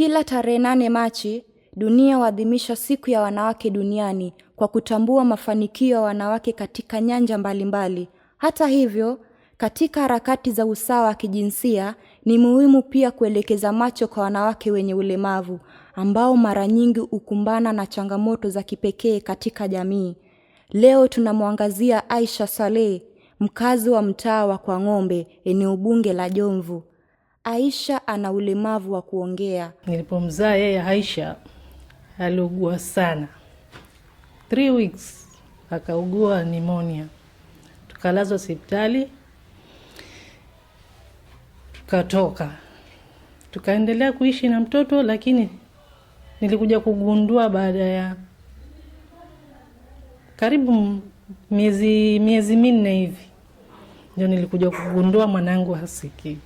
Kila tarehe nane Machi, dunia huadhimisha siku ya wanawake duniani kwa kutambua mafanikio ya wanawake katika nyanja mbalimbali. Hata hivyo, katika harakati za usawa wa kijinsia ni muhimu pia kuelekeza macho kwa wanawake wenye ulemavu ambao mara nyingi hukumbana na changamoto za kipekee katika jamii. Leo tunamwangazia Aisha Saleh, mkazi wa mtaa wa Kwang'ombe, eneo bunge la Jomvu. Aisha ana ulemavu wa kuongea. Nilipomzaa yeye, Aisha aliugua sana, three weeks akaugua nimonia, tukalazwa hospitali, tukatoka, tukaendelea kuishi na mtoto, lakini nilikuja kugundua baada ya karibu miezi miezi minne hivi, ndio nilikuja kugundua mwanangu hasikii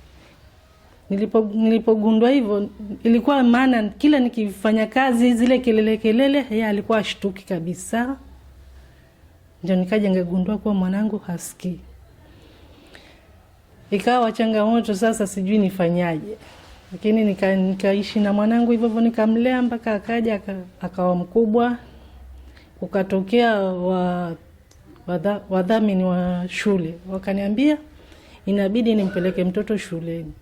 nilipogundwa hivyo ilikuwa maana, kila nikifanya kazi zile kelele kelele, yeye alikuwa ashtuki kabisa. Ndio nikaja ngagundua kuwa mwanangu haski Ikawa changamoto sasa, sijui nifanyaje, lakini nika, nikaishi na mwanangu hivyo hivyo, nikamlea mpaka akaja akawa mkubwa. Ukatokea wadhamini wa, wa, wa shule wakaniambia inabidi nimpeleke mtoto shuleni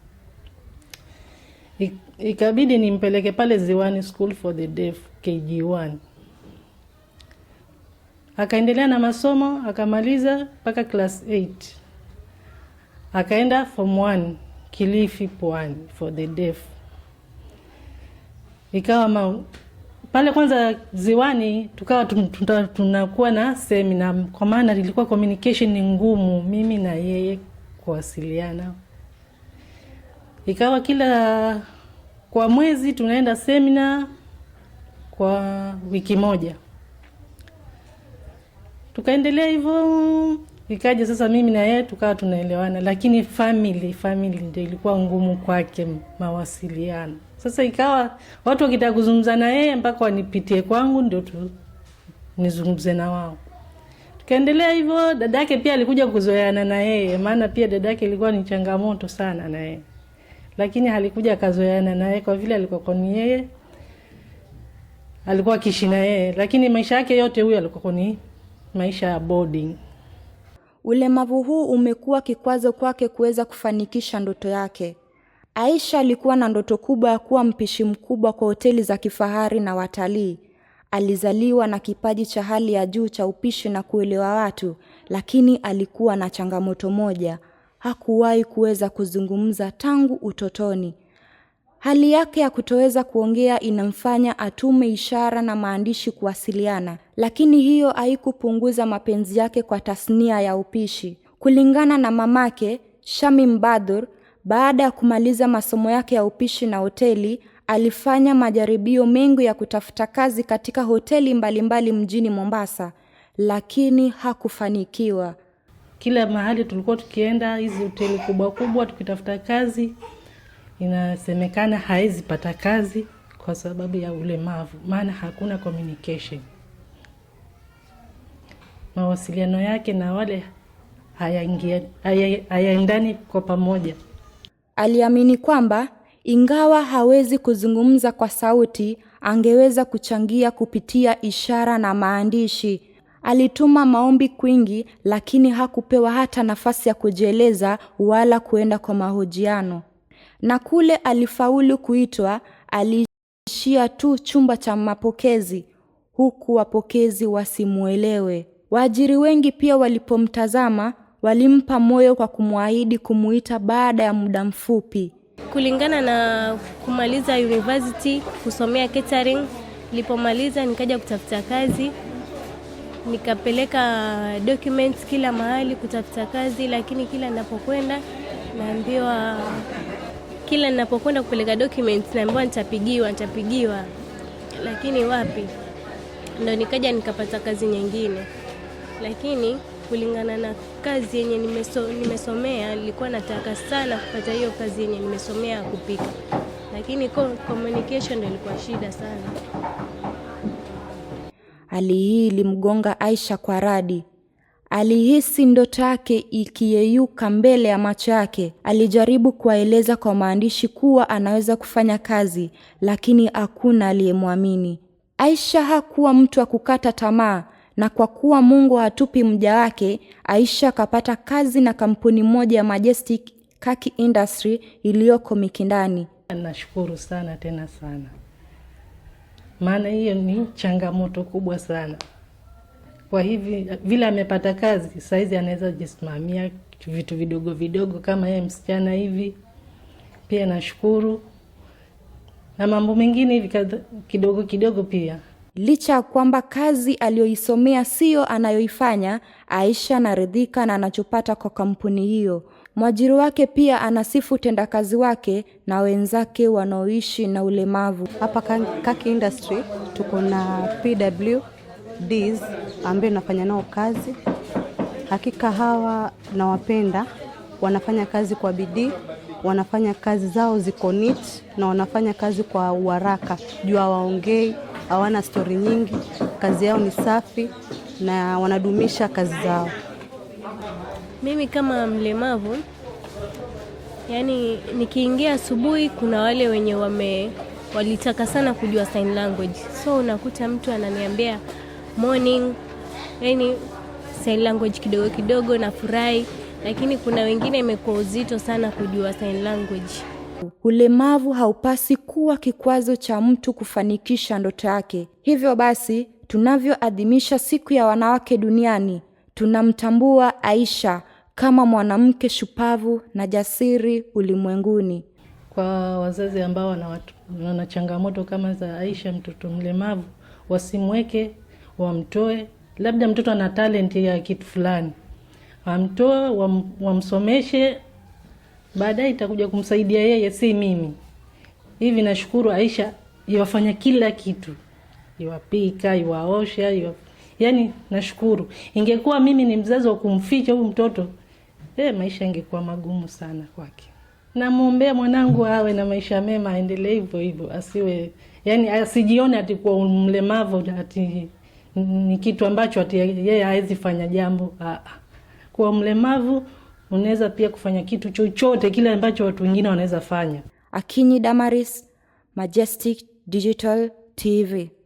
ikabidi nimpeleke pale Ziwani School for the Deaf KG1. Akaendelea na masomo akamaliza mpaka class 8, akaenda form 1 Kilifi Pwani for the Deaf. Ikawa ma... pale kwanza Ziwani tukawa tunakuwa na semina, kwa maana ilikuwa communication ni ngumu, mimi na yeye kuwasiliana, ikawa kila kwa mwezi tunaenda semina kwa wiki moja, tukaendelea hivyo. Ikaja sasa mimi na yeye tukawa tunaelewana, lakini family family ndio ilikuwa ngumu kwake mawasiliano. Sasa ikawa watu wakitaka kuzungumza na yeye mpaka wanipitie kwangu ndio tu nizungumze na wao. Tukaendelea hivyo. Dadake pia alikuja kuzoeana na yeye, maana pia dadake ilikuwa ni changamoto sana na yeye lakini halikuja akazoeana naye kwa vile alikuwa yeye alikuwa akiishi na yeye, lakini maisha yake yote huyo alikuwa ni maisha ya boarding. Ulemavu huu umekuwa kikwazo kwake kuweza kufanikisha ndoto yake. Aisha alikuwa na ndoto kubwa ya kuwa mpishi mkubwa kwa hoteli za kifahari na watalii. Alizaliwa na kipaji cha hali ya juu cha upishi na kuelewa watu, lakini alikuwa na changamoto moja hakuwahi kuweza kuzungumza tangu utotoni. Hali yake ya kutoweza kuongea inamfanya atume ishara na maandishi kuwasiliana, lakini hiyo haikupunguza mapenzi yake kwa tasnia ya upishi. Kulingana na mamake Shamim Badur, baada ya kumaliza masomo yake ya upishi na hoteli, alifanya majaribio mengi ya kutafuta kazi katika hoteli mbalimbali mbali mjini Mombasa, lakini hakufanikiwa kila mahali tulikuwa tukienda, hizi hoteli kubwa kubwa, tukitafuta kazi, inasemekana hawezi pata kazi kwa sababu ya ulemavu, maana hakuna communication, mawasiliano yake na wale hayaendani haya kwa pamoja. Aliamini kwamba ingawa hawezi kuzungumza kwa sauti, angeweza kuchangia kupitia ishara na maandishi. Alituma maombi kwingi lakini hakupewa hata nafasi ya kujieleza wala kuenda kwa mahojiano. Na kule alifaulu kuitwa, aliishia tu chumba cha mapokezi huku wapokezi wasimuelewe. Waajiri wengi pia walipomtazama walimpa moyo kwa kumwahidi kumuita baada ya muda mfupi. Kulingana na kumaliza university kusomea catering, nilipomaliza nikaja kutafuta kazi nikapeleka documents kila mahali kutafuta kazi, lakini kila ninapokwenda naambiwa, kila ninapokwenda kupeleka documents naambiwa nitapigiwa, nitapigiwa, lakini wapi. Ndo nikaja nikapata kazi nyingine, lakini kulingana na kazi yenye nimeso, nimesomea nilikuwa nataka sana kupata hiyo kazi yenye nimesomea kupika, lakini communication ndio ilikuwa shida sana. Hali hii ilimgonga Aisha kwa radi. Alihisi ndoto yake ikiyeyuka mbele ya macho yake. Alijaribu kuwaeleza kwa maandishi kuwa anaweza kufanya kazi, lakini hakuna aliyemwamini. Aisha hakuwa mtu wa kukata tamaa, na kwa kuwa Mungu hatupi mja wake, Aisha akapata kazi na kampuni moja ya Majestic Kaki Industry iliyoko Mikindani. Nashukuru sana tena sana maana hiyo ni changamoto kubwa sana. Kwa hivi vile amepata kazi saizi, anaweza jisimamia vitu vidogo vidogo kama yeye msichana hivi. Pia nashukuru na mambo mengine hivi kidogo kidogo pia. Licha ya kwamba kazi aliyoisomea siyo anayoifanya, Aisha anaridhika na anachopata kwa kampuni hiyo. Mwajiri wake pia anasifu utendakazi wake na wenzake wanaoishi na ulemavu. Hapa Kaki Industry tuko na PWDs ambayo inafanya nao kazi. Hakika hawa nawapenda, wanafanya kazi kwa bidii, wanafanya kazi zao ziko neat na wanafanya kazi kwa uharaka, juu hawaongei, hawana stori nyingi, kazi yao ni safi na wanadumisha kazi zao. Mimi kama mlemavu, yani nikiingia asubuhi, kuna wale wenye wame walitaka sana kujua sign language, so unakuta mtu ananiambia morning, yani sign language kidogo kidogo na furahi, lakini kuna wengine imekuwa uzito sana kujua sign language. Ulemavu haupasi kuwa kikwazo cha mtu kufanikisha ndoto yake. Hivyo basi, tunavyoadhimisha siku ya wanawake duniani, tunamtambua Aisha kama mwanamke shupavu na jasiri ulimwenguni. Kwa wazazi ambao wana changamoto kama za Aisha, mtoto mlemavu, wasimweke wamtoe. Labda mtoto ana talenti ya kitu fulani, wamtoe wam, wamsomeshe, baadaye itakuja kumsaidia yeye, si mimi. Hivi nashukuru Aisha iwafanya kila kitu, iwapika, iwaosha, iwa... yani nashukuru. Ingekuwa mimi ni mzazi wa kumficha huyu mtoto eh, maisha ingekuwa magumu sana kwake. Namwombea mwanangu awe na maisha mema, aendelee hivyo hivyo, asiwe yani, asijione ati kuwa mlemavu ati ni kitu ambacho ati yeye hawezi fanya jambo. Aa, ah, ah. kuwa mlemavu unaweza pia kufanya kitu chochote kile ambacho watu wengine wanaweza fanya. Akinyi Damaris, Majestic Digital TV.